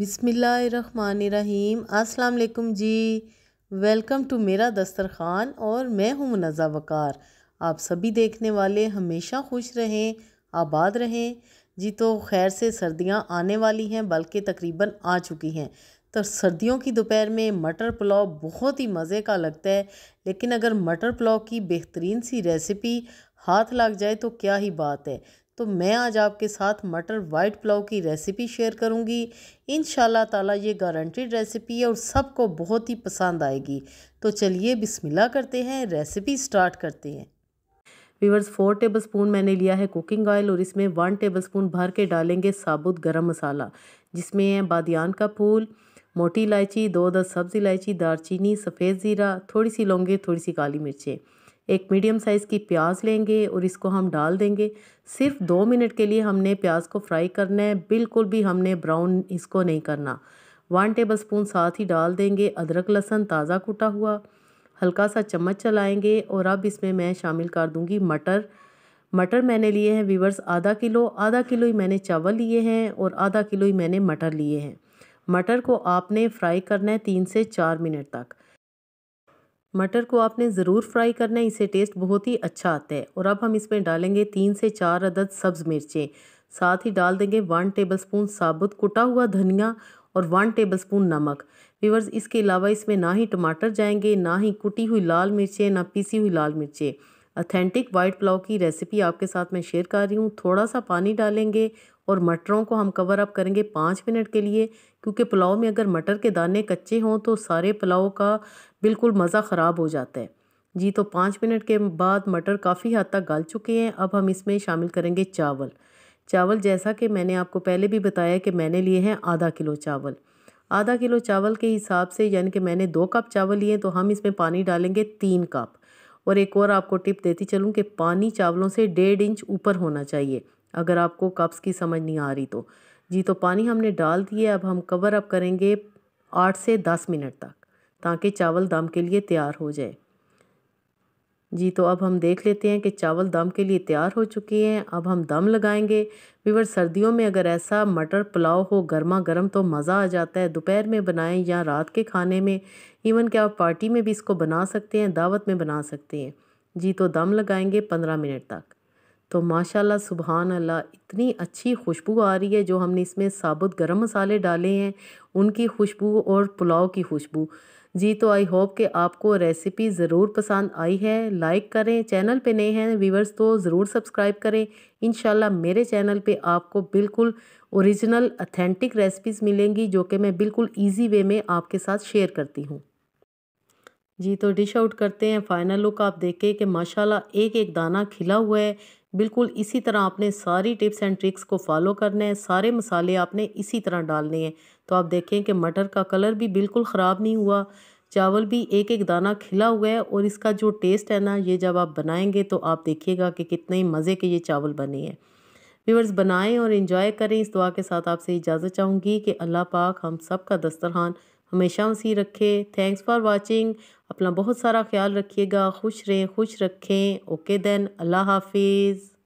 बिसमीम अस्सलाम वालेकुम जी वेलकम टू मेरा दस्तरखान और मैं हूँ मुनज़ा वकार आप सभी देखने वाले हमेशा खुश रहें आबाद रहें जी तो खैर से सर्दियाँ आने वाली हैं बल्कि तकरीबन आ चुकी हैं तो सर्दियों की दोपहर में मटर पुलाव बहुत ही मज़े का लगता है लेकिन अगर मटर पुलाव की बेहतरीन सी रेसिपी हाथ लग जाए तो क्या ही बात है तो मैं आज आपके साथ मटर वाइट पुलाव की रेसिपी शेयर करूंगी इन ताला ये गारंटेड रेसिपी है और सबको बहुत ही पसंद आएगी तो चलिए बिस्मिल्लाह करते हैं रेसिपी स्टार्ट करते हैं वीवर्स फोर टेबल स्पून मैंने लिया है कुकिंग ऑयल और इसमें वन टेबल स्पून भर के डालेंगे साबुत गर्म मसाला जिसमें है बादियान का फूल मोटी इलायची दो दस सब्ज़ इलायची दारचीनी सफ़ेद ज़ीरा थोड़ी सी लौंगे थोड़ी सी काली मिर्चें एक मीडियम साइज़ की प्याज लेंगे और इसको हम डाल देंगे सिर्फ दो मिनट के लिए हमने प्याज को फ्राई करना है बिल्कुल भी हमने ब्राउन इसको नहीं करना वन टेबल स्पून साथ ही डाल देंगे अदरक लहसन ताज़ा कूटा हुआ हल्का सा चम्मच चलाएंगे और अब इसमें मैं शामिल कर दूंगी मटर मटर मैंने लिए हैं वीवर्स आधा किलो आधा किलो ही मैंने चावल लिए हैं और आधा किलो ही मैंने मटर लिए हैं मटर को आपने फ्राई करना है तीन से चार मिनट तक मटर को आपने ज़रूर फ्राई करना है इसे टेस्ट बहुत ही अच्छा आता है और अब हम इसमें डालेंगे तीन से चार अदद सब्ज़ मिर्चें साथ ही डाल देंगे वन टेबलस्पून साबुत कुटा हुआ धनिया और वन टेबलस्पून नमक व्यूवर्स इसके अलावा इसमें ना ही टमाटर जाएंगे ना ही कुटी हुई लाल मिर्चें ना पीसी हुई लाल मिर्चें अथेंटिक वाइट पुलाव की रेसिपी आपके साथ मैं शेयर कर रही हूँ थोड़ा सा पानी डालेंगे और मटरों को हम कवर अप करेंगे पाँच मिनट के लिए क्योंकि पुलाव में अगर मटर के दाने कच्चे हों तो सारे पुलाव का बिल्कुल मज़ा ख़राब हो जाता है जी तो पाँच मिनट के बाद मटर काफ़ी हद तक गल चुके हैं अब हम इसमें शामिल करेंगे चावल चावल जैसा कि मैंने आपको पहले भी बताया कि मैंने लिए हैं आधा किलो चावल आधा किलो चावल के हिसाब से यानी कि मैंने दो कप चावल लिए तो हम इसमें पानी डालेंगे तीन कप और एक और आपको टिप देती चलूँ कि पानी चावलों से डेढ़ इंच ऊपर होना चाहिए अगर आपको कप्स की समझ नहीं आ रही तो जी तो पानी हमने डाल दिए अब हम कवर अप करेंगे आठ से दस मिनट तक ताकि चावल दम के लिए तैयार हो जाए जी तो अब हम देख लेते हैं कि चावल दम के लिए तैयार हो चुके हैं अब हम दम लगाएंगे विवर सर्दियों में अगर ऐसा मटर पुलाव हो गर्मा गर्म तो मज़ा आ जाता है दोपहर में बनाएं या रात के खाने में इवन क्या आप पार्टी में भी इसको बना सकते हैं दावत में बना सकते हैं जी तो दम लगाएंगे पंद्रह मिनट तक तो माशाल्लाह सुबहान अल्लाह इतनी अच्छी खुशबू आ रही है जो हमने इसमें साबुत गर्म मसाले डाले हैं उनकी खुशबू और पुलाव की खुशबू जी तो आई होप कि आपको रेसिपी ज़रूर पसंद आई है लाइक करें चैनल पे नए हैं व्यूवर्स तो ज़रूर सब्सक्राइब करें इन मेरे चैनल पे आपको बिल्कुल ओरिजिनल अथेंटिक रेसिपीज़ मिलेंगी जो कि मैं बिल्कुल ईजी वे में आपके साथ शेयर करती हूँ जी तो डिश आउट करते हैं फाइनल लुक आप देखें कि माशाल्लाह एक एक दाना खिला हुआ है बिल्कुल इसी तरह आपने सारी टिप्स एंड ट्रिक्स को फॉलो करना है सारे मसाले आपने इसी तरह डालने हैं तो आप देखें कि मटर का कलर भी बिल्कुल ख़राब नहीं हुआ चावल भी एक एक दाना खिला हुआ है और इसका जो टेस्ट है ना ये जब आप बनाएंगे तो आप देखिएगा कि कितने ही मज़े के ये चावल बने हैं व्यूवर्स बनाएं और इन्जॉय करें इस दुआ के साथ आपसे इजाज़त चाहूँगी कि अल्लाह पाक हम सब का दस्तरखान हमेशा उसी रखे थैंक्स फॉर वॉचिंग अपना बहुत सारा ख्याल रखिएगा खुश रहें खुश रखें ओके देन अल्लाह हाफिज़